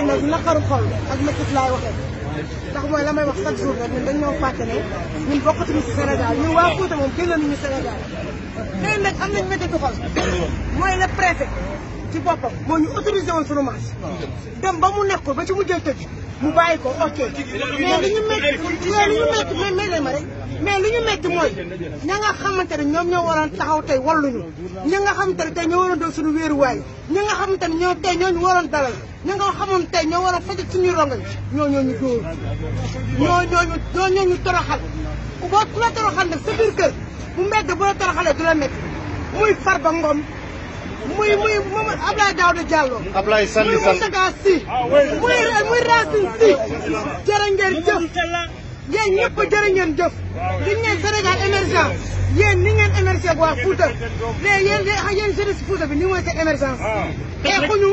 الناس نقروا القول قد ما تطلعي وحدك ndax mooy la may wax chaque jour rek ñun dañ ñoo fàtte ne ñun bokkatuñu si Sénégal ñun waa Fouta moom génnoon ñu Sénégal léegi nag am nañ ci boppam moo ñu autorisé woon sunu marche dem ba mu nekkul ba ci mujjee mu bàyyi ko ok mais li ñu métti mais li ñu ma li ñu métti mooy ña a xamante ne ñoom ñoo waroon taxaw tey walluñu ña nga xamante ne tey ñoo waroon doon suñu a ña nga xamante ne ñoo tey ñooñu waroon dalal nga xamoon tey ñoo waroon fajal ñoo ñu dóor ñooñu ñoo ñooñu ñoo ñooñu toroxal ku boo ku la toroxal nag sa biir kër bu mbedd bu la toroxalee du la métti muy Farba Ngom muy muy moom Ablaye Daouda Diallo. Ablaye Sall muy Moustapha Sy muy muy Racine Sy jërë ngeen jëf yéen ñëpp jërë ngeen jëf di ngeen Sénégal émergent yéen ni ngeen émergé waa Fouta mais yéen yéen jeunesse Fouta bi ni mooy seen émergence ah. xeexuñu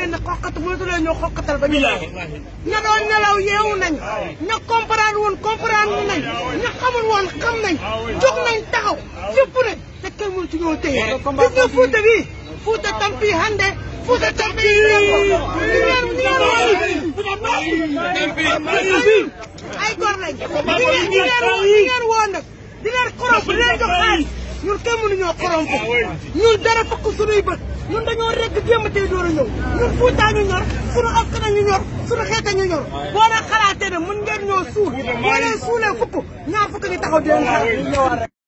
leen ne xoqatu mënatu leen ñoo xoqatal ba ñu ña doon nelaw yeewu nañ ña xamul woon xam nañ jóg nañ taxaw yëpp nañ te kenn mënu ci ñoo téye eh, gis nga fuuta bi fuuta tampi hande fuuta tampi ay gor lañ di leen nag di leen koromp di jox xaalis ñun kenn mënuñoo koromp ah ñun dara fokk suñuy bët ñun dañoo rekk démb tey door a ñëw ñun Fuuta ñu ñor sunu askan ñu ñor sunu xeet ñu ñor boo leen xalaatee ne mën ñoo suul boo leen suulee fukk ñaar fukk ñu taxaw di leen